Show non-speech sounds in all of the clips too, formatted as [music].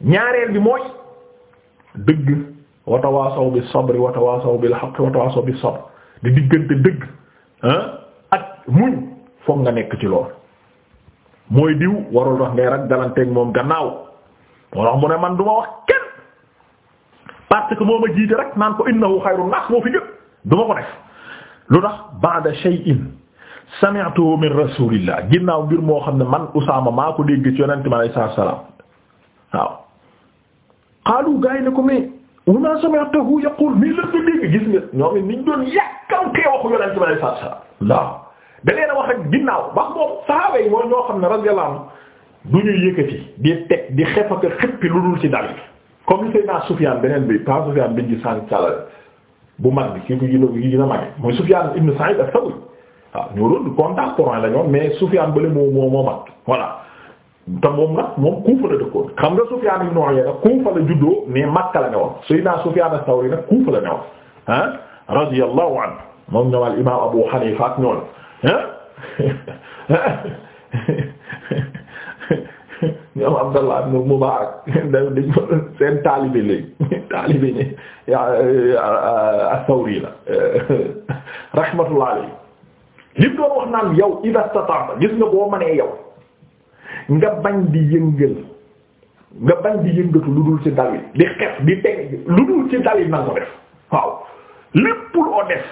ñaareel bi mooy dëgg watawaasaw bi sabri watawaasaw bil bi sabr di diggante dëgg ah, ak muñ foog nga nekk ci lool mooy diw warul wax ngay rag galanteeg moom gannaaw moo tax mu ne man du ma wax kenn parce que moo ma jiite rek naan ko innahu xayrun naas moo fi gën du ko def lu tax ba'da shay'in sami'tuhu min rasulillah ginnaaw mbir moo xam ne man Usaama maa ko dégg ci yonent mi alayhi salaam waaw xaalu gars yi ne ko mais wa ma sami'tahu yaqul mii lan nga dégg gis nga ñoom it niñ doon yàkkamtee waxu yonent bi sallallahu alayhi wasallam waaw da leen a wax ak ginnaaw ñoo xam ne radiyallahu anhu du ñu yëkkati lu dul ci dal comme beneen bi pas Sufyaan biñ ci sànq bu mag bi kii ko gi a mag mooy Sufyaan ibn Sa'id as-Sawri waaw ñoo la ñoom mais Sufyaan bële moo moo moo mag te moom nag moom Kuufa la dëkkoon xam nga Sufyaan ibn Uyayna Kuufa la juddoo mais Makka la newoon Sayyidina Sufyaan as-Sawri nag Kuufa la newoon ah radiyallahu anhu moom ñoom al imaam Abu Hanifa ak ñoom ah [laughs] ñoom Abdallah ibn Mubaarak dañ ko seen taalibe léegi taalibe ñi as-Sawri la [laughs] rahmatullahi alayhi li mu doon wax naan yow idaa istata'ta gis nga boo mënee yow. nga bañ di yëngal nga bañ di yëngatu lu dul ci dal yi di xef di teg lu dul ci dal yi na ko def waaw lépp loo def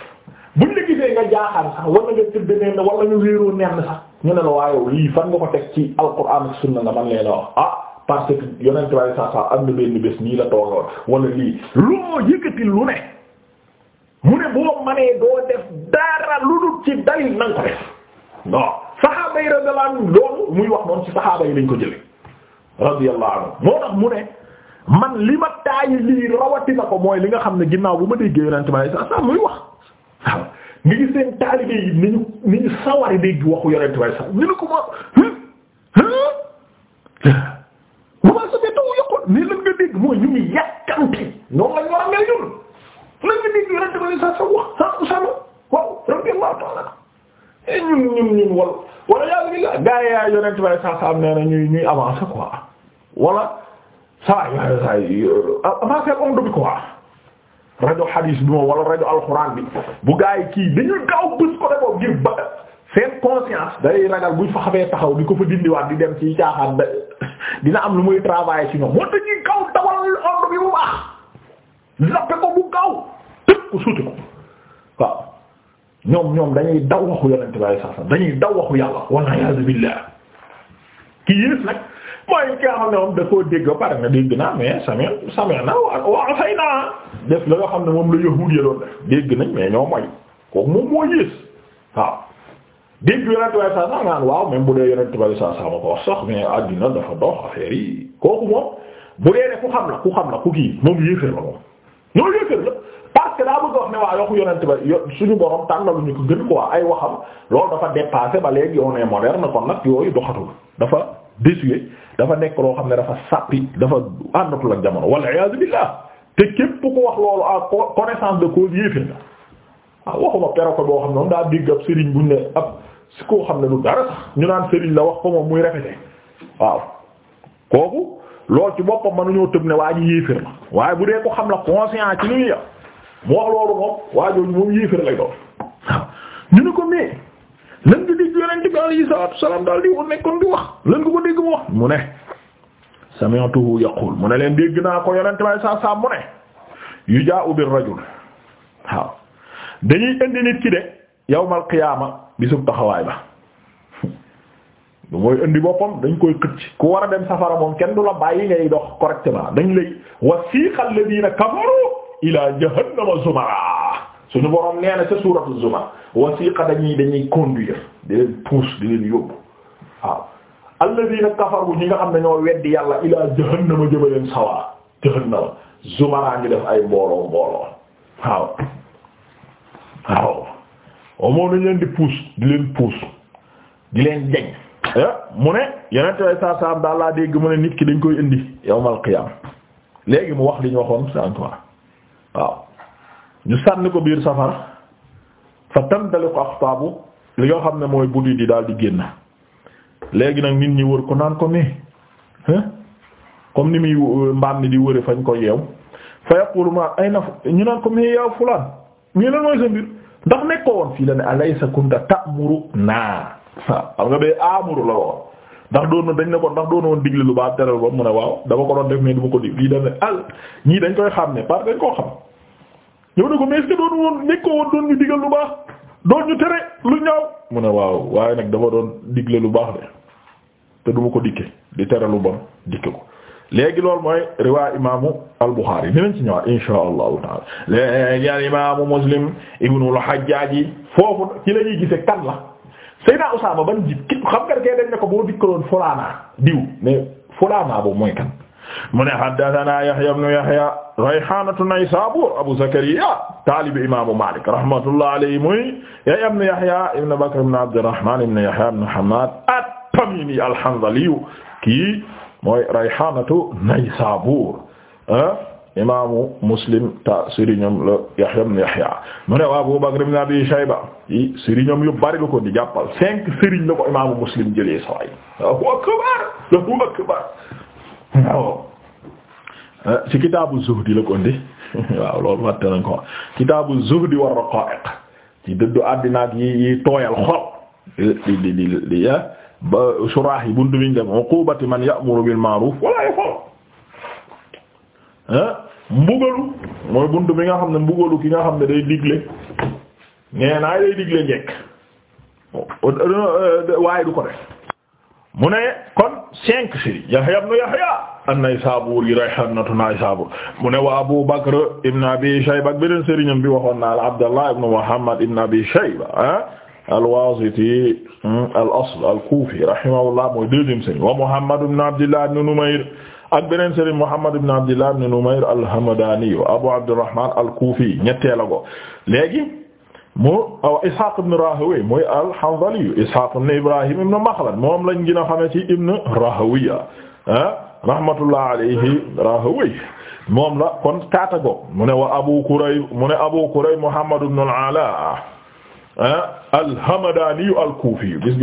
buñ la gisee nga jaaxal sax wala nga tëdd neen wala ñu wéeroo neen sax ñu lii fan nga ko teg ci alquran ak sunna nga man leen wax ah parce que yonent bi saa saa am na benn bés nii la toogoon wala lii loo yëkkati lu ne mu ne boo manee doo def dara lu dul ci dalil na nga ko def non saxaaba yi radiyallahu anhum loolu muy wax noonu ci saxaaba yi lañ ko jële radiyallahu anhum moo tax mu ne man li ma taayi lii rawatina ko mooy li nga xam ne ginnaaw bu ma déggee yonente bi alayhi salaam muy wax waaw nga gis seen taalibe yi ni ñu ni ñu sawari dégg waxu yonente bi alayhi salaam ni ñu ko ma nii lan nga dégg mooy ñu ngi yàkkamti noonu la ñu war a mel ñun lan nga dégg yonente bi alayhi salaam wax et eh, ñun ñun ñun wal wala yaa ngi la gars yi yaay yonent saa saa am nee na ñuy ñuy avancé quoi wala saa yu saa yu euh, avancé onde bi quoi rajo hadis bi moom wala rajo alxuraan bi bu gars yi kii dañuy gaaw bés ko defoo ngir ba seen conscience day ragal buñ fa xamee taxaw di ko fa dindiwaat di dem ci caaxaan [laughs] dina am lu muy travailler ci ñoom moo tax ñuy gaaw dawal onde bi bu zappe ko bu gaaw tëb ko ko ñoom ñoom dañuy daw waxu yonente bi saa sax dañuy daw waxu yàlla walla iyaazu billaah ki yées nag mooy ki xam ne moom da koo dégg ba pare na dégg naa mais sameen sameen na waaw say naa def la loo xam ne moom la yahuud ya doon def dégg nañ mais ñoo moy kooku moom moo yées waaw dégg yonente bi saa sax naan waaw même bu dee yonente bi saa sax ma sax mais àddina dafa dox affaire yi kooku moom bu dee ne ku xam la ku xam la ku kii moom yéeféer la parce que daa bëgg wax ne waa waxu yonent ba suñu borom tànnaluñu ko gën quoi ay waxam loolu dafa dépassé ba léegi on est moderne kon nag yooyu doxatul dafa désuet dafa nekk loo xam ne dafa sàppi dafa àndatul ak jamono wala iyaazu billah te képp ku wax loolu à connaissance boo xam ne moom daa dégg ab sëriñ buñ ne ab si koo xam ne du dara ñu naan sëriñ la wax ko moom muy répété waaw kooku loolu ci boppam mënuñoo tëb ne waa ji yéefér la waaye bu dee ko xam la conscient ci luñu mu moom waa jooju moom yéefar lay doon waaw ñu ne ko mais lan nga dégg yonent bi alayhi salaatu wa daal di woon nekkoon di wax lan nga ko dégg mu wax mu ne sami'tuhu yaqul mu ne leen dégg naa ko yonent bi saa saa mu ne yujaa'u bir rajul waaw dañuy indi nit ki de yawmal qiyaama bisub taxawaay ba du mooy indi boppam dañ koy xëcc ku war a dem safara moom kenn du la bàyyi ngay dox correctement dañ lay wasiqa alladhina kafaru ila jahannama zumara suñu borom nee na ca suuratu zumar wasiqa dañuy dañuy conduire di leen pousse di leen yóbbu waaw alladhina kafaru ñi nga xam ne ñoo weddi yàlla ila jahannama jëmaleen sawa jahannama zumara ñu def ay mbooloo mbooloo waaw waaw moom dañ leen di pousse di leen pousse di leen jañ eh, mu ne yeneen way saa daal laa dégg mu ne nit ki dañ koy indi yawmal qiyaam léegi mu wax li ñu waxoon sanqoi waaw ñu sànni ko biir safar fa tandaliku axtaabu li nga xam ne mooy buddi di daal di génn léegi nag nit ñi wër ko naan ko mais comme ni muy euh, mbaam ni di wëre fañ ko yeew fa yaqulu ma ayna ñu naan ko mais yaa fulaan mii lan mooy sa mbir ndax nekkoo woon fii la ne alaysa kunta ta'muru naa waaw xam nga bee amuru la woon ndax doon na dañ ne ko ndax doon woon digle lu baax tere ba mu ne waaw dama ko doon def mais du ma ko dig lii dañ ne al ñii dañ koy xam ne parce dañ koo xam ñëw na ko mais est doon woon nekk ko woon doon ñu digal lu baax doon ñu tere lu ñaaw mu ne waaw waaye nag dafa doon digle lu baax de te du ko dikke di tere lu bon dikke ko léegi loolu mooy riwaa imaamu al-Bukhari dinañ ci ñëwaat inshaa allahu taala léegi al imaamu Muslim ibnu al-Hajjaaj foofu ci la ñuy gise kan la Seydina Usaama ban jiit ki xam nga kay dañ ne ko boo dikkaloon fulaana diw mais fulaana boobu mooy kan mu ne haddathana Yahya ibn Yahya Rayhaanatu Naysaabuur Abu Zakariya taalibi imaamu Maalik rahmatullahi alayhi muy Yahya ibn Yahya ibn Bakr ibn Abdirrahmaan ibn Yahya ibn Hammaad at-Tamiimi al-Hanzali kii mooy Rayhaanatu Naysaabuur ah. imaamu muslim ta sëriñam la Yahya ibn Yahya mu ne waa Abu Bakr ibn Abi Shayba yi sëriñam yu bari la ko di jàppal cinq sëriñ la ko imaamu muslim jëlee saway Allahu akbar Allahu akbar waaw ci kitaabu zuhdi la ko ndi [laughs] waaw loolu matte nañ ko kitaabu zuhdi war raqa'iq ci dëddu àddinaak yi yi tooyal xol li li li li ya ba surah yi buntu biñ def uqubati man ya'muru bil ma'ruf wa la yaf'al mbugalu bunt bi nga xam ne mbugalu ki nga xam ne day digle nee naa day mu ne kon cinq si Yahya ibn Yahya an-Naysaburi rahimatu Naysabur mu ne wa Abu Bakr ibn Abi Shayba ak beneen sëriñam bi waxoon naa la Abdallah ibn Muhammad ibn Abi Shayba al-Wasiti hmm, al-asl al-Kufi rahimahullah mooy deuxième sëriñ wa Muhammad ibn Abdillah ibn Numayr ak beneen sëriñ Muhammad ibn Abdillah ibn Numayr al-Hamdani Abu Abdurrahman al-Kufi ñetteel a ko léegi mu aw Ishaq ibn Ibrahim ibn Makhlad moom lañ gën a xamee ci ibn Rahawiya la kon kaata go mu ne wa Muhammad ibn al-Ala al-Hamdani al-Kufi gis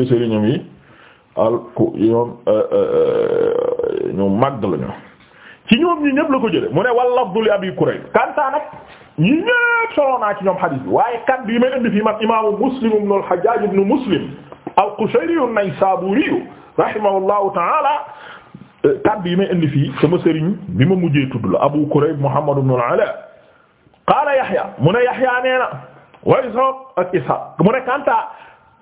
ñu màgg lañu ci ñoom ñi ñëpp la ko jële mu ne wal lafdu li abi kurayb kantaa nag ñi ñëpp soloo naa ci ñoom xadiis bi waaye kan bi may indi fii man imaamu muslim ibnu al-hajjaaj ibnu muslim al-qushayri an-naysaabuuri rahimahullahu ta'ala kaddu yi fii sama sëriñ bi ma mujjee tudd la Abu Kurayb Muhammad ibn al-Ala Yahya mu ne Yahya nee na wa ak Ishaq mu ne Kanta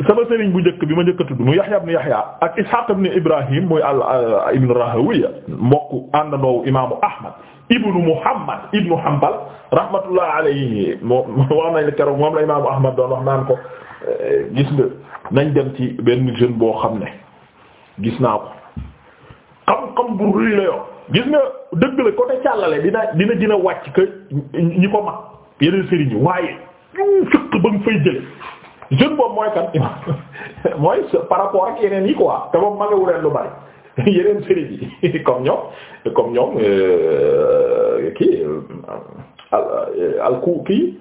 sama sëriñ bu njëkk bi ma njëkk a tudd mu Yahya ibn Yahya ak Ishaq ibn Ibrahim mooy al euh, ibn Rahawiya mbokk àndandoowu imaamu Ahmad ibn Muhammad ibn Hanbal rahmatullah moom la keroog moom la imaamu Ahmad doon wax naan ko euh, gis nañ dem ci benn jeune boo xam ne gis naa ko xam-xam bu la yoo gis nga dëgg la côté càllale dina dina dina wàcc que ñi ko mag yeneen sëriñ yi waaye fekk ba nga fay jële jeune boob mooy kan [laughs] mooy par ak yeneen yi quoi te moom magawu leen lu bari [laughs] yeneen sëriñ yi [laughs] comme ñoom comme ñoom euh, kii euh, al euh, ku kii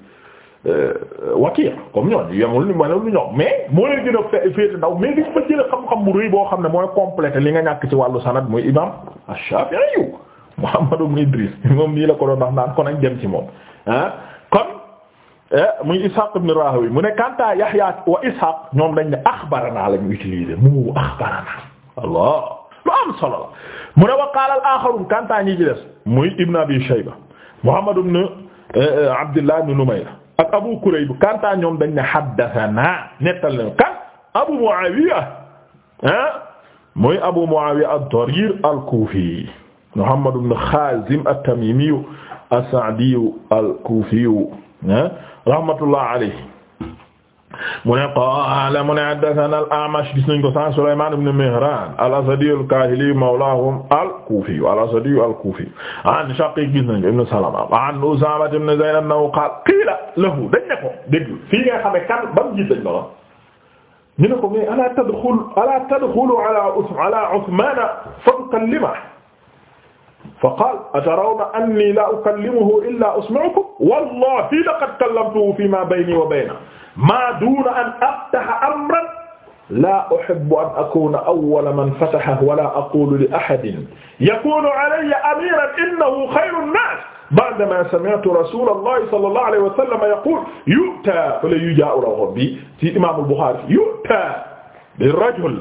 wakir comme ñoom yemul ni mane lu ñoom mais moo leen gën a féete ndaw mais li ma jël xam-xam bu rëy boo xam ne mooy complété li nga ñàkk ci wàllu sanad muy imam Shafi'i Muhammad ibn Idris moom nii la ko doon wax naan kon ak dem ci moom ah Eh, muy Ishaq ibn Rahawi mu ne Kanta Yahya wa Ishaq ñoom dañ ne axbarana la ñu utilisé mu axbarana Allah lu am solo la mu ne wa qaala al-aaxarun Kanta ñi ci des muy Ibn Abi Shayba Muhammad ibn eh, eh, Abdullah ibn Numayr ak Abu Kurayb Kanta ñoom dañ ne haddathana nettal nañu kan Abu Muawiya ah muy Abu Muawiya ad-Darir al-Kufi Muhammad ibn Khazim at-Tamimi as-Sa'di al-Kufi ah rahmatullah alayhi mu ne qaala mu ne haddathana al-A'mash gis nañ ko san Sulaymaan ibn Mihraan al-Asadi al-Kaahili mawlaahum al-Kuufi al-Asadi al-Kuufi an Shaqiiq gis nañ ko ibn Salama an Usaama ibn Zayd annahu qaala qiila lahu dañ ne ko dégg fii nga xamee kan ba mu gis dañ ko ñu ne ko mais alaa tadxulu alaa tadxulu alaa Usmaan fa tukallimahu fa qaal atarawna anni la ukallimuhu illa usma'ukum wallahi laqad kallamtuhu fi ma bayni wa bayna ma duna an aftaha amran la uhibbu an akuna awwala man fatahahu wa la aqulu li ahadin yakunu alayya amiran innahu khayru nnas ba'dama sami'tu rasulallahi sallallahu alayhi wa sallam yaqul yu'ta fala yuja'u rawab bi ci imam al-Bukhari yu'ta bi rajul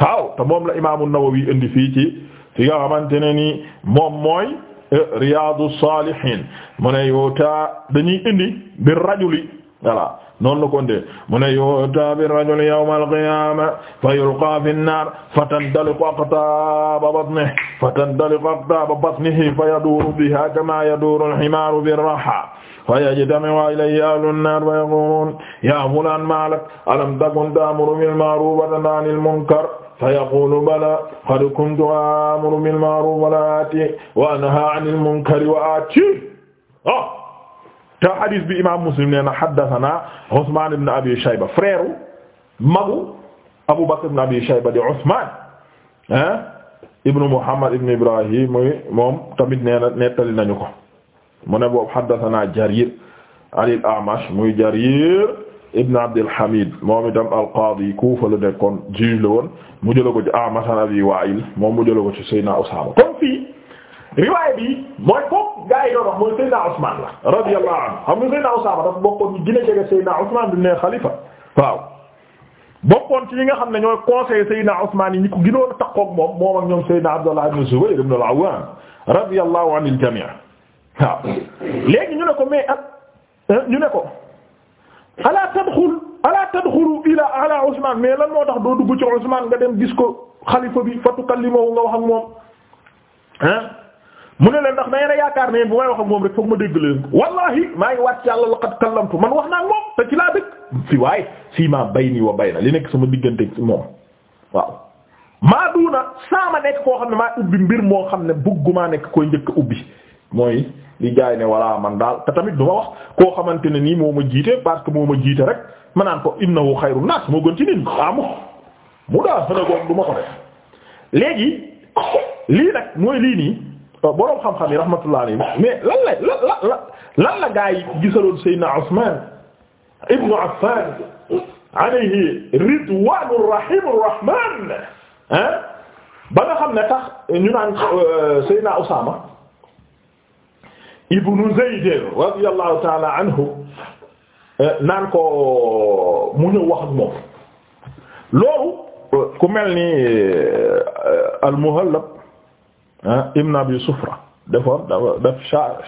waaw te moom la imam an-Nawawi indi fii ci fi nga xamante ne ni moom mooy eh, Riyadou Salihine mu ne yoota dañuy indi bi rajuli voilà noonu la ko ndee mu ne yoota bi rajuli yawm al-qiyama fa yulqa fi an-nar fatandaliqu aqtaba batnihi fatandaliqu aqtaba batnihi fa yaduru biha kama yaduru al-himaru bir-raha فيجتمع إليه أهل النار فيقولون يا فلان ما لك ألم تكن تأمر بالمعروف وتنهى عن المنكر fa yaqulu bala qad kuntu amuru bil ma'ruf wala ati wa anha anil munkari wa ati ah te hadis bi imam muslim nee na haddathana Usman ibn Abi Shayba frère magu Abu Bakr ibn Abi Shayba di Usman ah eh? ibn Muhammad ibn Ibrahim moom tamit nee na nettali nañu ko mu ne boobu haddathana Jarir Ali al-A'mash muy Jarir ibn Abdul Hamid moom itam al-Qaadi Kuufa la nekkoon juge la mu jëla ko ci A'mash ah, an Abi Waa'il moom mu jëla ko ci Seydina Usaama kon fii riwaay bi mooy kooku gaa yi doon mooy Seydina Usmaan la radiyallahu anhu xam nga Seydina Usaama dafa a jege Seydina Usmaan bi nga xam ne ñooy conseil Seydina Usmaan yi ñi ko gënoon a takkook moom moom ak ñoom Seydina Abdullah ibn Zubayr ibn al-Awwam radiyallahu anil jamii' waaw léegi ñu ne ko mais ak ala tadxul ala tadxulu ila ala Ousmane mais lan moo tax doo dugg ci Ousmane nga dem gis ko xalifa bi fa tukallimahu nga wax ak moom ah mu ne leen ndax da ngeen a yaakaar ne bu may wax ak moom rek foog ma dégg leen wallahi maa ngi wàcc yàlla laqad kallamtu man wax naa ak moom te ci laa dëkk fi waaye fii maa bayni wa bayna li nekk sama diggante moom waaw maa duuna saa ma nekk koo xam ne maa ubbi mbir moo xam ne bëgguma nekk koy njëkk ubbi. mooy li jaay ne walla man daal te tamit du ma wax koo xamante ne nii moo ma jiite parce que moo ma jiite rek ma naan ko innahu xayru naas moo gën ci nit amu mu daal xëna goog ko def léegi lii nag mooy lii nii euh, boroom xam-xam yi rahmatullah alayhi mais lan la la lan gaa yi gisaloon Seydina Usman ibnu Affan alayhi ridwaanur rahiimur ibnu Zayd radiyallahu taala anhu eh, naan ko mu ñëw wax ak moom loolu eh, ku mel ni eh, al-Muhallab ah, ibn Abi Sufra dafa daf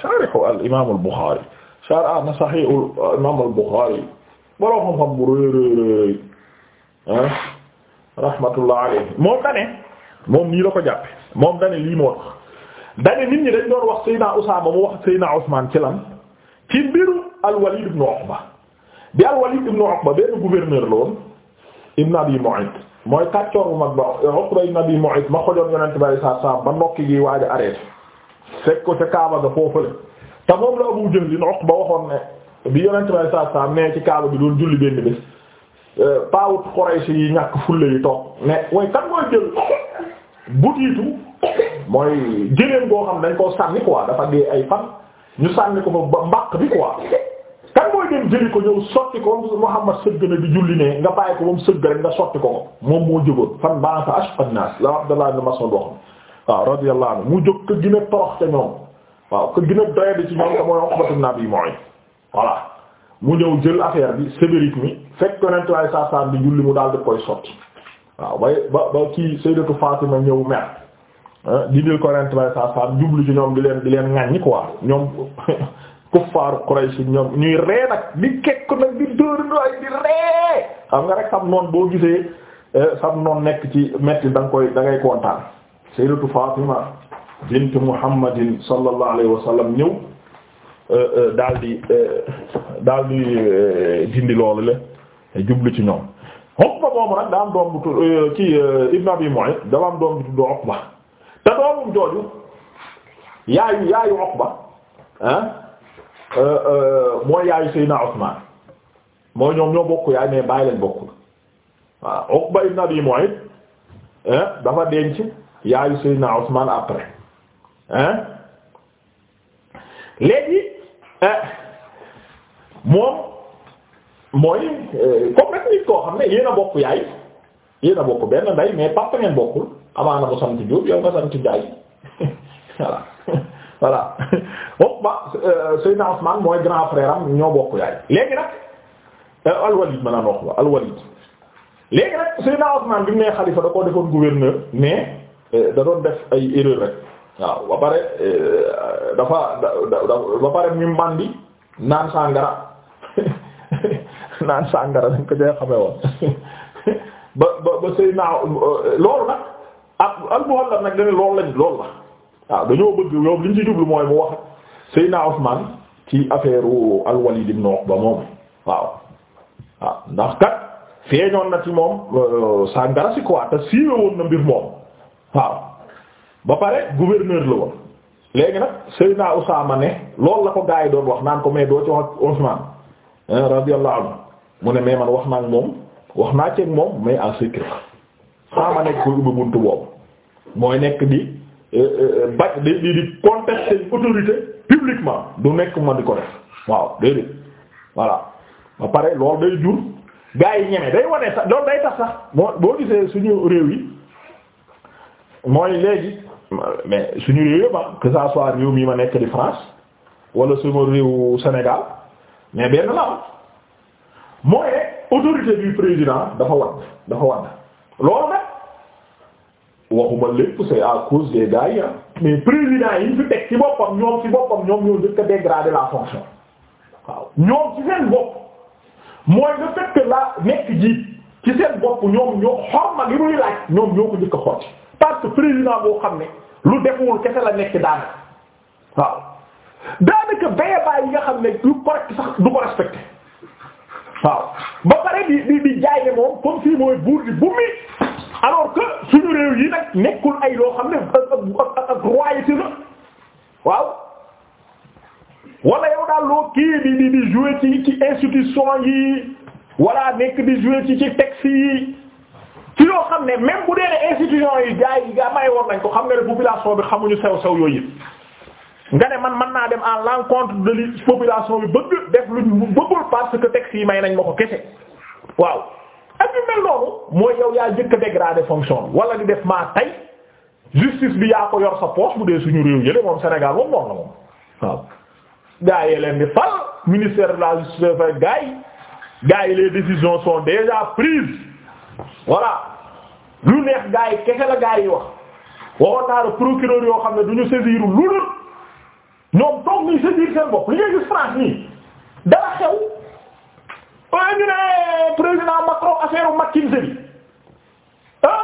sharihu al-Imam al-Bukhari sharh ah, na sahih al-Imam al-Bukhari borom xam-xam bu rëy rëy ah, rahmatullah alayhi moom dane moom nii la ko jàppe moom dane lii moo tax dañu nit ñi dañ doon wax Seydina Usaama mu wax Seydina Usmaan ci lan ci mbiru al-Walid ibn Uqba bi al-Walid ibn Uqba benn gouverneur la woon ibn Abi Mu'ayt mooy kàccoor bu mag ba Uqba ibn Abi Mu'ayt ma xojoon yonent bi sallallahu alayhi wasallam ba nokki gi waaj a arrêté fekk ko ca Kaaba ga foofale te moom la Abu Jahl Uqba waxoon ne bi yonent bi sallallahu alayhi wasallam nee ci Kaaba bi doon julli benn bés euh, paawut Quraysh yi ñàkk fulle yi toog mais way kan mooy jël butiitu mooy jëleen boo xam dañ koo sànni quoi dafa dee ay fan ñu sànni ko ba mbaq bi quoi kan mooy dem jëli ko ñëw sotti ko Muhammad sëgg na di julli ne nga bàyyi ko moom sëgg rek nga sotti ko moom moo jógoon fan baata ashqan nas la Abdullah ibn Mas'ud waxoon waaw radiyallahu anhu mu jóg ko gën torox ca ñoom waaw ko gën a ci ñoom te mooy Uqbatu ibn Abi Mu'ayt voilà mu ñëw jël affaire bi sévérité mi fekk yonent waaye saa bi julli waaw bay ba ba Ah, dindil ko rent bay sa jublu ci ñoom di leen di leen ŋàññi quoi ñoom [laughs] kuffaaru Quraysh ñoom ñuy ree nag di kekk nag di dóor nooy di ree xam nga rek sam noon boo gisee eh, sam noon nekk ci metti da koy da ngay kontaan sayyidatu Fatima bint Muhammadin sallallahu alayhi wa ñëw eh, eh, daal di daal di dindi loolu la jublu ci ñoom Uqba boobu nag daa doom bu tudd ci Abi Mu'ayt daa doom bu tudd Uqba te doomum jooju yaayu yaayu Uqba ah euh, euh, mooy yaayu Seydina Usmaan mooy ñoom ñoo bokk yaay mais bàyyi bokkul waaw Uqba ibn Abi Mu'ayt eh, dafa denc yaayu Seydina Usmaan après ah léegi eh, moom mooy euh, comme rek nit koo xam ne yéen a bokk yaay yéen a bokk benn ndey mais papa ngeen bokkul. amaana bu sant Diop yow nga sant Ndiaye [laughs] voilà [laughs] voilà [laughs] oh ba euh, Seydina Ousmane mooy grand frère am ñoo bokk yaay léegi nag euh, al-Walid ma naan wax ba al-Walid léegi nag Seydina Ousmane bi mu nee xalifa da koo defoon gouverneur mais euh, da doon def ay erreur rek waaw ba pare dafa ba pare mi mandi naan sàngara naan sàngara dañ ko cee woon ba ba ba Seydina loolu nag. ak al-Muhallab nag dañu loolu lañ la waaw dañoo bëgg yow li ci jublu mooy mu wax Seydina Ousmane ci affaire al-Walid ibn Uqba moom waaw waaw ndax kat feeñoon na ci moom euh, sàngara si quoi te siiwee woon na mbir moom waaw ba pare gouverneur la woon léegi nag Seydina Usaama ne loolu la ko gaa doon wax naan ko mais doo ci wax ak Ousmane radiyallahu mu ne mais man wax naa ak moom wax naa ci moom mais en secret saama nekk koy ubbi buntu boobu mooy nekk di euh, euh, ba di di di autorité publiquement du nekk ma di ko def waaw déedéet voilà ba pare loolu day jur gaa yi ñeme day wane sax loolu day tax sax moo boo gisee suñu réew yi mooy léegi mais suñu réew yëpp ah que ça soit réew mi ma nekk di France wala sama réew Sénégal mais benn la mooy autorité du président dafa wadd dafa wadd loolu nag waxuma lépp c'est à cause des gars yi mais président yi fi teg ci boppam ñoom ci boppam ñoom ñoo jëkk a dégrader la fonction waaw ñoom ci seen bopp mooy le fait la nekk jiit ci seen bopp ñoom ñoo xorma li muy laaj ñoom ñoo ko jëkk a xotti parce que président boo xam ne lu defuwul kese la nekk daanaka waaw daanaka bayabaay yi nga xam ne lu correct sax ko respecté waaw ba pare bi di di jaay ne moom comme si mooy buur di bu mi alors que suñu réew yi nag nekkul ay loo xam ne ak ak royauté waaw wala yow daal loo kii di di di jouer ci ci institution yi wala nekk di jouer ci ci texte yi ci loo xam ne même bu dee ne institution yi jaay yi gaa may woon nañ ko xam nga ne population bi xamuñu sew sew yooyu yëpp nga ne man mën naa dem en l'encontre de li population bi bëgg def lu bëggul parce que texte yi may nañ ma ko kese waaw ak ñu mel noonu mooy yow yaa jëkk a fonction wala di def maa tay justice bi yaa ko yor sa poche bu dee suñu réew yële moom Sénégal moom noonu la moom waaw gaa leen di fal ministère la justice affaire gaa yi gaa yi les décisions sont déjà prises voilà lu neex gaa yi kese la gaa yi wax waxoon naa la procureur yoo xam ne du ñu saisir lu ñoom toog nañ sa seen bopp li ngay gis France nii dara xew waaye ñu ne président affaire McKinsey bi ah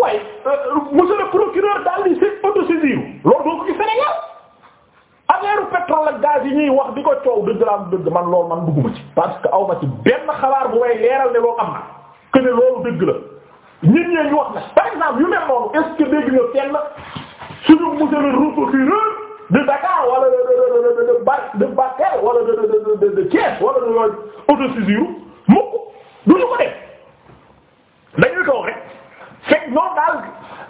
waaye euh, monsieur procureur daal di seen autosaisir loolu doo ko gis Sénégal affaire pétrole ak gaz yi ñuy wax di ko coow dëgg laa dëgg man loolu man dugguma ci. parce que aw ma ci benn xabaar bu may leeral ne loolu am na que loolu dëgg la nit ñee ñu wax na par exemple yu mel noonu est-ce que dégg nga kenn suñu monsieur de Dakar wala de de de de Ba de Bakel wala de de de de Thiès wala de loolu autosuffisance mukk du ñu ko def dañuy toog rek fekk ñoom daal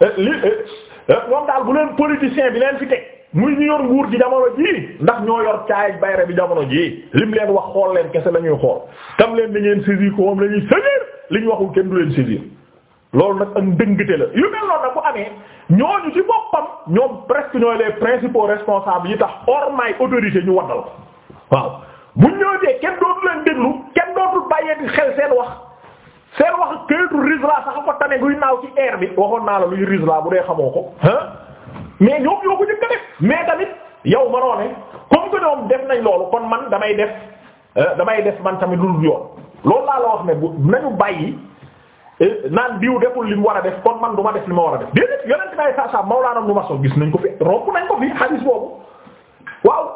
euh, li euh, euh, ñoom daal bu leen politicien bi leen fi teg muy ñu yor nguur gi jamono jii ndax ñoo yor caay bayre bi jamono jii lim leen wax xool leen kese la ñuy xool tam leen di ngeen saisir ko moom la ñuy li ñu waxul kenn du leen saisir loolu nag ak ndëngte la yu mel noonu nag bu amee. ñooñu ci boppam ñoom presque ñooy les principaux responsables yi tax ormay autorité ñu waddal ko waaw bu ñëwee kenn dootu leen déglu kenn dootul bàyyeeti xel seen wax seen wax këyitu risla sax ko tane guy naaw ci air bi waxoon naa la luy risla bu dee xamoo ko ah mais ñoom ñoo ko jëkk def mais tamit yow manoo ne comme que ñoom def nañ loolu kon man damay def euh, damay def man tamit lu dul yoon loolu laa la wax ne bu nañu bàyyi Eh, naan diw deful li mu war a def kon man du ma def li ma war a def déedéet yonent bi saa saa Mawlaana Ibn Mas'ud gis nañ ko fi romb nañ ko fi hadis boobu waaw.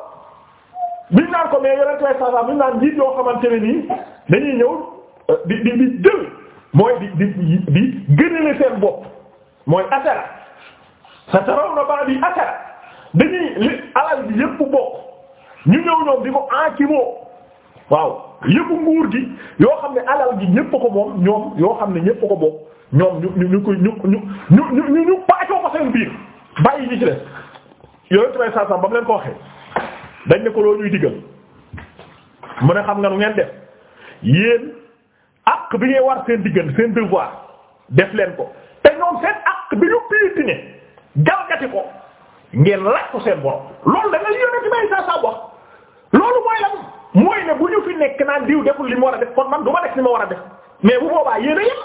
biñ naan ko mais yonent bi saa saa biñ naan njiit yoo xamante ne nii dañuy ñëw euh, di di di jël mooy di di di gënale seen bopp mooy asara satarawna ba'di asara dañuy li alal bi yépp bokk ñu ñëw ñoom di ko en waaw yépp nguur gi yoo xam ne alal gi ñépp ko moom ñoom yoo xam ne ñépp ko bokk ñoom ñu ñu ñu ko ñu ñu ñu ñu ñu paacoo ko seen biir bàyyi ñi ci def leen ko waxee dañ ne ko loo ñuy diggal mu ne xam nga nu ngeen def yéen àq bi ngay war seen diggal seen devoir def leen ko te ñoom seen àq bi ñu piitine jalgati ko ngeen laaj ko seen borom loolu da nga may saa wax loolu mooy lan mu mooy ne bu ñu fi nekk naan diw deful li mu war a def kon man du ma def li ma war a def mais bu boobaa yéen a yéen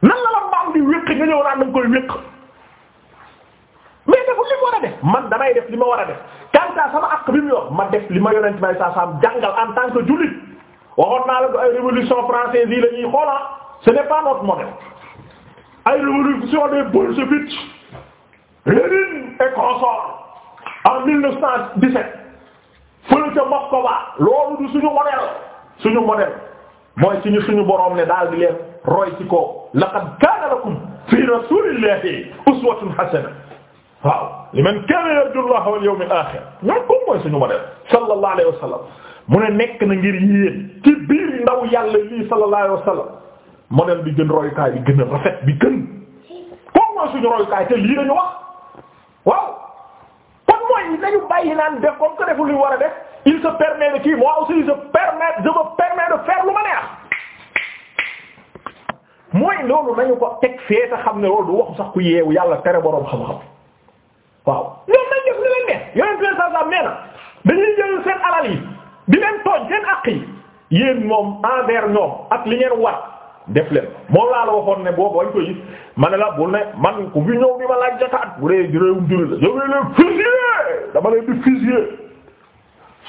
nan la la mbaam di wéq nga ñëw naan da nga koy wéq mais deful li mu def man damay def li ma war a def kanta sama ak bi mu yor ma def li ma yonent may saa saam jàngal en tant que jullit waxoon naa la du ay révolution française yi la ñuy xoolaa ah. ce n'est pas notre modèle ay révolution des bolcheviques Lénine et consorts en 1917 jëm ca mokko ba loolu du suñu modèle suñu modèle mooy suñu suñu boroom ne daal di leen roy ci ko laqad kaana lakum fi rasulillahi uswatun hasana waaw liman kaana yarju llaha wal yawmal axir ñoom ko mooy suñu modèle sallallahu alayhi wa sallam mu ne nekk na ngir yéen bi gën roykaay bi gën a rafet bi gën ko mooy suñu roykaay te lii lañu wax waaw kon mooy nañu bàyyi naan def comme que deful li war a de il se permet de kii moi aussi je permets je me permets de faire lu neex mooy loolu nañu ko teg fee te xam ne loolu du waxu sax ku yeewu yàlla tere boroom xam-xam waaw ñoom nañ def li leen neex yoneen leen sa nee na seen alal yi di leen tooñ seen àq yi yéen moom envers ñoom ak li ngeen war def leen moom laa la waxoon ne boobu wañ ko gis ma ne la man ku fi ñëw bi ma laaj jakaat bu dee juróom julli la yow leen dama leen di fusillé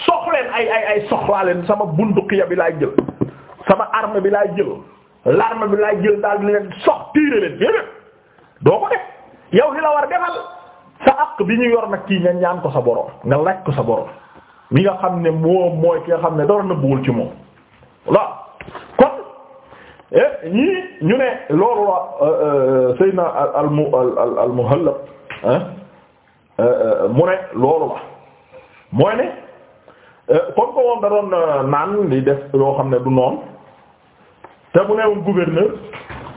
soxleen ay ay ay soxlaa leen sama bunduqiya bi laay jël sama arme bi laay jël l'arme bi laay jël daal di leen sox tiire leen déedéet doo ko def yow li la war defal sa aq bi ñu yor nag kii nga ñaan ko sa borom nga laj ko sa borom mi nga xam ne moom ki nga xam ne dara nëbbuwul ci moom waaw kon eh, ñii ñu mu ne loolu la mooy ne. Euh, comme que moom da doon euh, naan li def yoo xam ne du noonu te mu ne woon gouverneur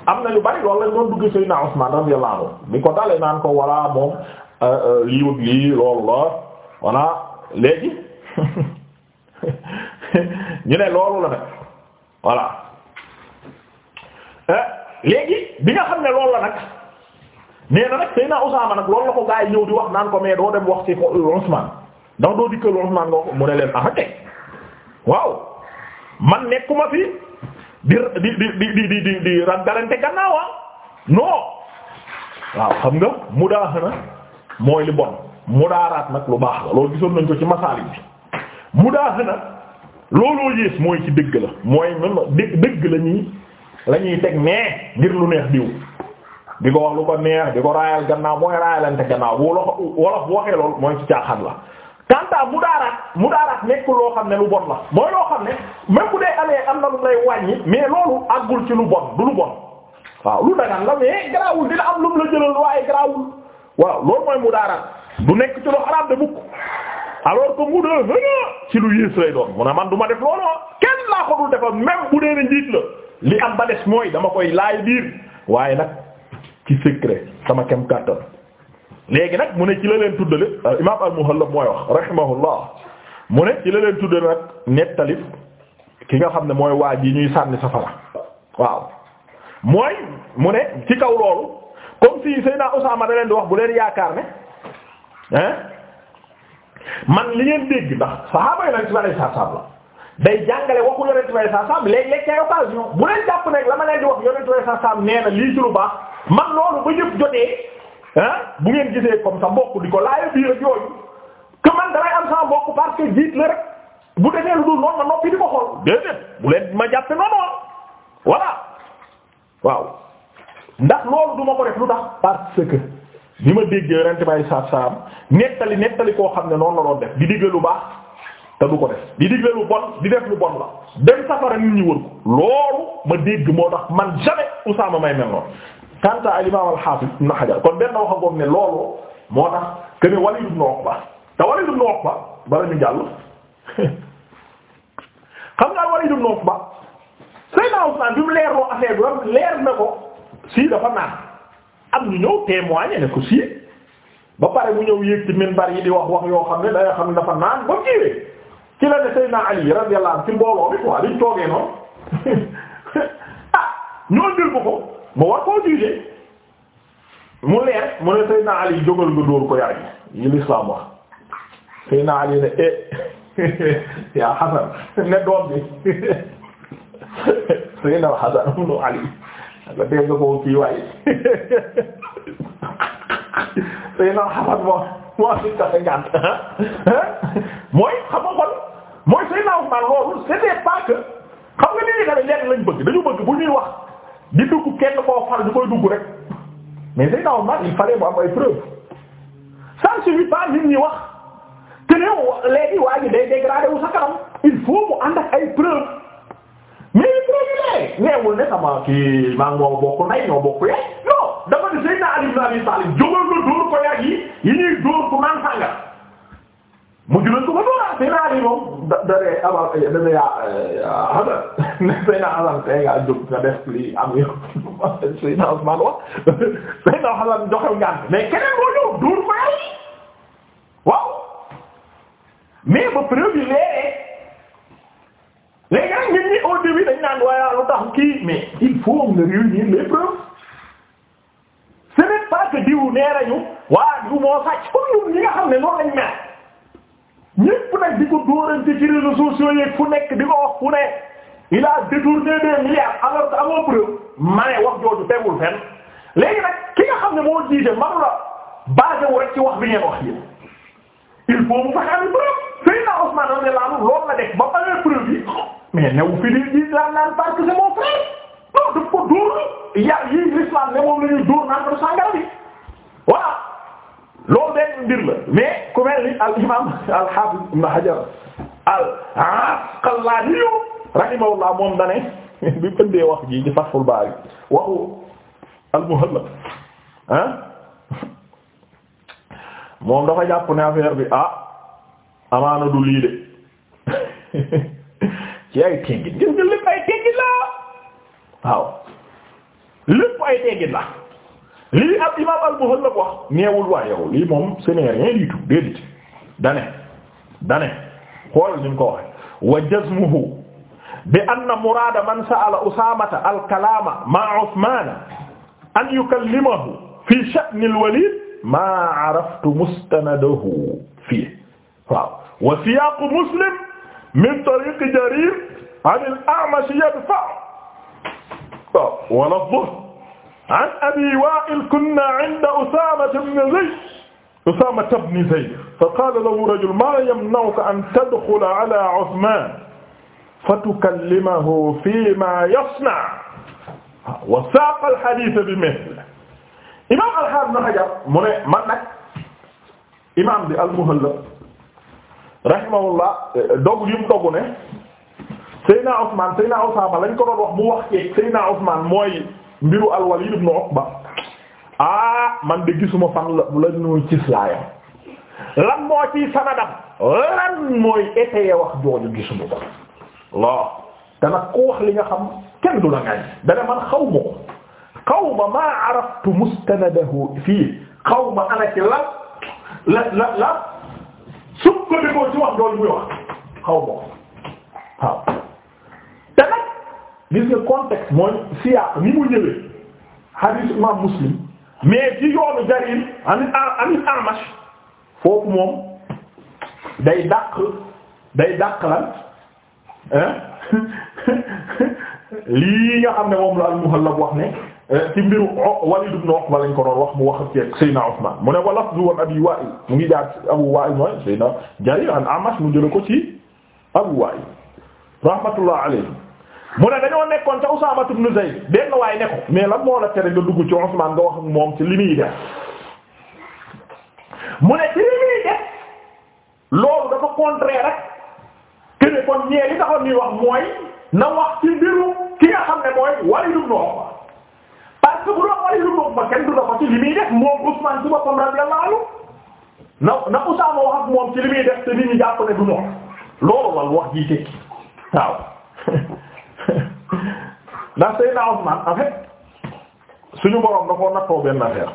am na yu bari loolu lañ doon dugg Seydina Usman radiyallahu anhu mi ko dalee naan ko walla moom euh, lii wut lii loolu la voilà léegi [laughs] ñu ne loolu la nag voilà léegi bi nga xam ne loolu la nag nee na nag Seydina Usman nag loolu la ko gaa ñëw di wax naan ko mais doo dem wax ci Usman ndax doo dikkal Usmaan nga ko mu ne leen ah teg waaw man nekkuma fi di di di di di di di randarante gannaaw ah. waaw xam nga mudaahana mooy li bon mudaaraat nag lu baax la loolu gisoon nañ ko ci masaali bi mudaahana looloo yées mooy ci dëgg la mooy dëgg la ñuy la ñuy teg mais ngir lu neex diw. di ko lu ko neex di ko raayal gannaaw mooy raayalante gannaaw bu wolof wolof waxee loolu mooy caaxaan la kanta mudaaraat mudaaraat nekk loo xam ne lu bon la mooy loo xam ne même bu dee amee am na lu lay wàññi mais loolu àggul ci lu bon du lu bon waaw lu dagan la mais garaawul dina am lu mu la jëlal waaye garaawul waaw loolu mooy mudaaraat du nekk ci lu xaraam de bukk alors que mu ci lu yées lay doon mu ne man du ma def loolu kenn laa ko dul defal même bu dee ne njiit la li am ba des mooy dama koy laay biir waaye nag ci secret sama kem kàttan léegi nag mu ne ci la leen tuddale euh, imaam al-Muhallab mooy wax rahimahullah mu ne ci la leen tuddale nag nettalif ki nga xam ne mooy waa ji ñuy sànni safara waaw mooy mu ne ci kaw loolu comme si Seydina Usaama da leen di wax bu leen yaakaar ne hein man li ngeen dégg ndax saxaaba Yonent bi alayhi salaam la day jàngale waxu Yonent bi alayhi salaam léeg-léeg ca occasion bu leen jàpp nag la ma leen di wax Yonent bi alayhi salaam nee na lii ci ah bu ngeen gisee comme sa mbokk di ko laaya biir ak yooyu que man damay am sa mbokk parce que jiit la rek bu defee lu dul noonu ma noppi di ko xool déedéet bu leen ma jàppe noonu voilà waaw ndax loolu du ma ko lu tax parce que ni ma déggee rent bay saab saab nettali nettali koo xam ne noonu la doon def di digle lu baax te du ko def di digle lu bon di def lu bon la dem safara nit ñi wër ko loolu ma dégg moo tax man jamais Usaama may mel noonu kanta al imam al hafiz kon benn wax ngoom ne loolu moo tax que ne Walid ibn Uqba te Walid ibn Uqba xam nga Walid ibn Uqba Seydina Usman bi mu leer loo affaire bi leer na ko si dafa naan am ñu ñëw témoigner ne ko si ba pare mu ñëw yéeg ci minbar yi di wax wax yoo xam ne day xam ne dafa naan ba kiiwee ci ne Seydina Ali radiyallahu anhu ci mbooloo bi quoi liñ toogee noonu [laughs] ah ñoo jël ko ko mu war koo juger mu leer mu ne Seydina Ali jógal nga dóor ko yaay yi l'islam wax Seydina Ali ne eh [laughs] yaa Hasan ne doom bi [laughs] Seydina Hasan mu Ali nga dégg ko kii waaye [laughs] Seydina Hasan moom mooy xam nga kon mooy Seydina Usmaan loolu c'était pas que xam nga nit ñi tamit léegi lañ bëgg dañu bëgg bu di dugg kenn koo far di koy dugg rek mais c'est normal il fallait mu am ay preuve ça ne suffit pas nit ñi wax te ne léegi waa ji day wu sa kanam il faut mu ànd ak ay preuve mais preuve yi neewul ne sama kii maa ngi moo bokk nay ñoo bokk yee non dafa di Seydina Ali ibn Abi Talib jógal nga dóor ko yàgg yi yi ñuy ku naan sànga mu nañ ko ba dooraa Seydina Ali moom da da dee awa yaa euh, Hasan [laughs] ne Seydina Hasan tey ngaa def lii am yow [laughs] Seydina Usmaan wax [laughs] Seydina Hasan joxe ngànt mais keneen moo ñëw duur ko yàlla waaw mais ba preuve yi leeree léegi nag nit ñi au début dañ naan waaye kii mais il faut nga réunir les preuves ce n'est pas que diw nee nañu waa diw moo sàcc comme ñun ñi nga xam ne noonu lañ mel. ñépp nag di ko dóorante ci réseaux sociaux yeeg fu nekk di ko wax fu ne il a détourné des milliards alors que amoo preuve ma ne wax jooju tegul fenn léegi nag ki nga xam ne moo jiite manu la basé wu rek ci wax bi ngeen wax yi il faut mu fexe am preuve Seydina Ousmane radiyallahu anhu loolu la def ba paree preuve yi mais new fi di di daan naan parce que c'est mon frère non daf ko dóor yar yi l'islam ne moom la ñuy dóor naan ko sàngara bi voilà loolu benn mbir la ku mel al imam al hafiz ibn hajar al asqalani rahimahullah moom dane bi pëndee wax ji ci fathul bari waxu al muhallab ah moom dafa jàpp ne affaire bi ah amaana du lii de ci ay teggin gis nga ay teggin la waaw lépp ay teggin la lii ab imaam al-Muhallab wax neewul waa yow lii moom ce n'est rien du tout déedéet dane dane xoolal ni mu ko waxee wa jazmuhu bi anna muraada man sa'ala Usaamata al-kalaama ma'a Usmaan an yukallimahu fii sha'ni al-Waliid maa araftu mustanadahu fiihi waaw wa siyaaqu Muslim min tariiqi Jariir an al-A'mash yadfa'u wa lafzuhu an abi wa'il kunna inda Usama ibn Zayd Usama ibn Zayd fa qala lahu rajul ma yamna'uka an tadkhula ala Uthman fatukallimahu fima yasna' wa saqa al-hadith bimithlihi imam al-Hafiz Ibn Hajar mu ne man nag imam bi al-Muhallab rahimahullah dogu yi mu dogu ne Seydina Usman Seydina Usama lañ ko doon wax mu wax ci Seydina Usman mooy mbiru al-Walid ibn Uqba ah, man de gisuma fan la la ñuy gis laayam lan moo ci sanadam lan mooy étayer wax jooju gisuma ko waaw te nag ku wax li nga xam kenn du la ngañ dana man xaw ma xaw ma maa araftu mustanadahu fii xaw ma ana ci lan la la la sukkandiku ci wax jooju muy wax xaw ma ko gis nga contexte mooy siyaaq ni mu ñëwee hadith imam muslim mais ci yoonu jarir amit amit armash moom day dàq day [laughs] lii nga xam ne moom la al-Muhallab wax ne euh, ci mbiru Walid ibn Uqba lañ ko doon wax mu wax ci Seydina Usman mu mu ngi jaar ci Abu Wa'il mooy Amash mu jële ko ci Abu Wa'il rahmatullah alayhi mu ne dañoo nekkoon ca Usaama ibn Zayd benn waaye ne ko mais lan moo la tere nga dugg ci Usmaan nga wax ak moom ci li muy mu ne ci li loolu dafa contraire rek que ne kon ñee li taxoon ñuy wax mooy na wax ci mbiru ki nga xam ne mooy Walid ibn Uqba parce que bu doon Walid ibn Uqba kenn du dafa ci li muy def moom Usmaan ci boppam radiyallahu anhu na na Usaama wax ak moom ci li te nit ñi jàpp du noonu loolu la wax ji tekki waaw. [laughs] ndax Seydina Ousmane en fait suñu borom na koo nattoo benn affaire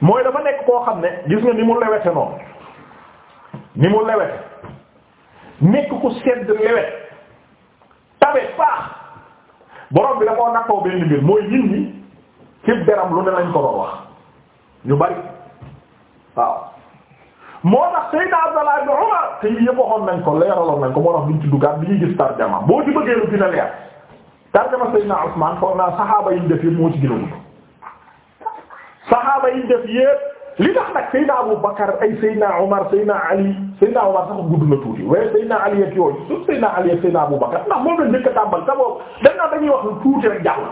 mooy dafa nekk koo xam ne gis nga ni mu lewete noonu ni mu lewete nekk ku sedd lewet tabe baax borom bi da koo nattoo benn mbir mooy nit ñi ci deram lu ne lañ ko doon wax ñu bari waaw. moo tax Seydina Abdallah ibn Umar te yii yëpp waxoon ko leeraloon nañ ko moo tax duñ ci duggaat bi ñuy gis tarjama boo ci bëggee lu dina leer tarjama Seydina Usman foog naa saxaaba yi ñu def yëpp moo ci gën a wut saxaaba yi ñu def li tax nag Seydina Abu Bakar ay Seydina Umar Seydina Ali Seydina Umar sax gudd na tuuti waaye Seydina Ali ak yooyu su Seydina Ali ak Seydina Abu Bakar ndax moom la njëkk a tàmbal sa boobu dañ naa dañuy wax lu tuuti rek jàll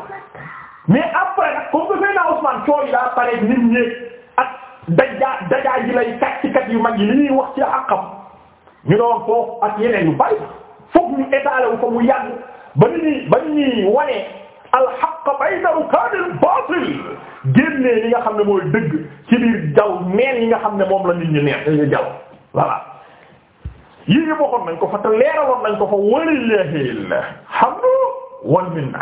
mais après nag comme que dajaa dajaa ji lay kat kat yu mag yi li ñuy wax ci àqam ñu doon foofu ak yeneen yu bari foog ñu étalé wu ko mu yàgg ba ni ñuy ba ni ñuy wane alxaq bayna rukaanil baatil génnee li nga xam ne mooy dëgg ci biir jaww yi nga xam ne moom la nit ñi neex ñu jaww voilà. yii yëpp waxoon nañ ko fa te leeraloon ko fa walillahil hamdu wal minna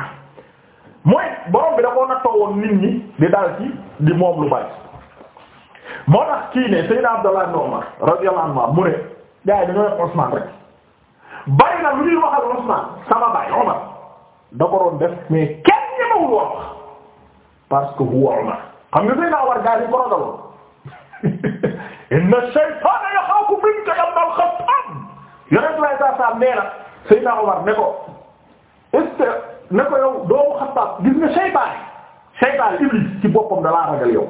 mooy borom bi da koo nattoo woon nit ñi di dal ci di moom lu bari. moo tax kii ne Seydina Abdallah ibn Umar radiyallahu anhu mu ne gars yi dañoo wax Usman rek bari na lu ñuy waxal Usman sama baay Umar da ko doon def mais kenn ñemewul wax parce que huwa Umar xam nga Seydina Umar gars yi ko ragaloon [laughs] inna shaytaana yaxaafu minka ya Ibn al-Khattab yonent lay saa saa nee na Seydina Umar ne ko est-ce que ne ko yow doomu Xattaab gis nga seytaane seytaane Iblis ci boppam da laa ragal yow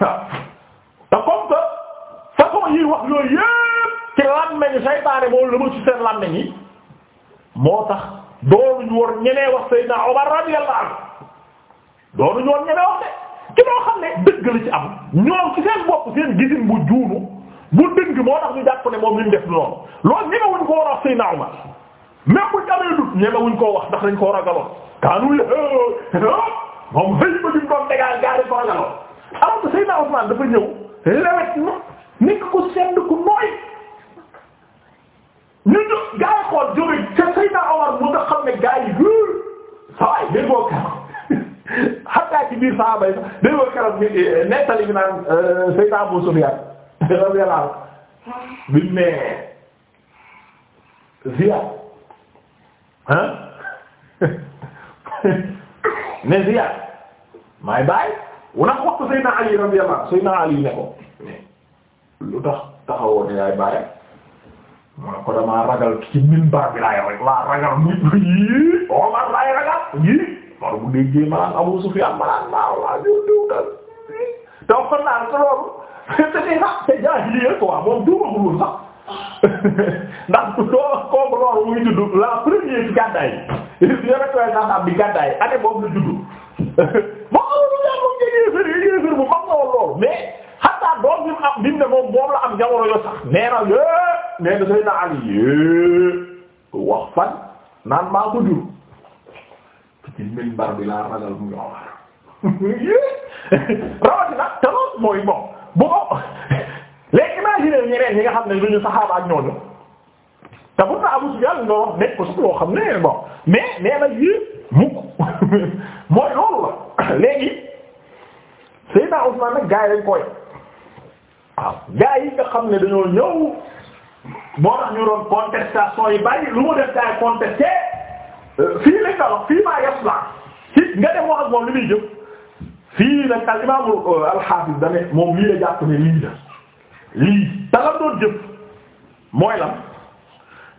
waaw. [laughs] te comme que façon yi wax yooyu yépp ci làmmeñu saytaane moom la ma ci seen làmmeñ yi moo tax doonuñu woon ñenee wax Seydina Omar radiyallahu anhu doonuñu woon ñenee wax de ci loo xam ne dëgg la ci am ñoom ci seen bopp seen gisin bu juunu bu dëgg moo tax ñu jàpp ne moom li def noonu loolu ñemewuñ koo wax Seydina Omar même buñ amee dut ñemewuñ koo wax ndax dañ koo ragaloon kaanu moom xëy ba duñ doon dégal gaari ko ragaloon dafa ñëw lewet na ku sedd ku nooy ñu ñu gaa yi xool jóge ca Seydina Omar mu nga xam ne gaa yi hur sawaay day boo karam [laughs] xataa ci biir saaba yi sax day boo karam bi naan euh, Seydina Abu Sufyaan radiyallahu bi mu ne Ziyaad ah [laughs] ne ndax wax ko Seydina Ali radiyallahu anhu Seydina Ali ne ko lu tax taxawoo ne yaay bàyyi mu ne ko damaa ragal ci minbar bi laay rek laa ragal muy yii Omar laay ragal yii war bu déggee maanaam Abu Sufyaan maanaam laaw laa jël diw dal taw kon naa ko loolu te na te jaahiliya quoi moom duumagulul sax ndax doo kooku loolu muy judd la première ci gàddaay yi yore tooy naa bi gàddaay année boobu ko mais xataa doom bi mu am bi mu ne moom la am jamono yoo sax nee na yee nee na Seydina Ali yee wax fan naan maa ko jur ci minbar bi laa ragal mu ñoo rawatina te loolu mooy bon bu ko léegi imaginer ñeneen ñi nga xam ne lu ñu saxaaba ak ñooñu te bu na Abu Sufyaan nga wax nekk ko si loo xam ne bon mais nee na yii mukk mooy loolu la léegi Seydina Usmaan nag gaa yi dañ koy waaw gaa nga xam ne dañoo ñëw moo tax ñu doon contestation yi bari lu mu def gaa euh, fii lañ la fii maa yasla ci moom li muy fii nag al imaam euh, al-Hafiz dane moom lii la jàpp ne lii la lii te la mooy lan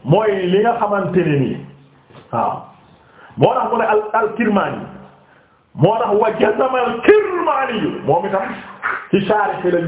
mooy li nga xamante ne nii waaw moo tax mu al al Kirmaani moo tax wa jazamal Kirmaani moom itam ci saari fi lañ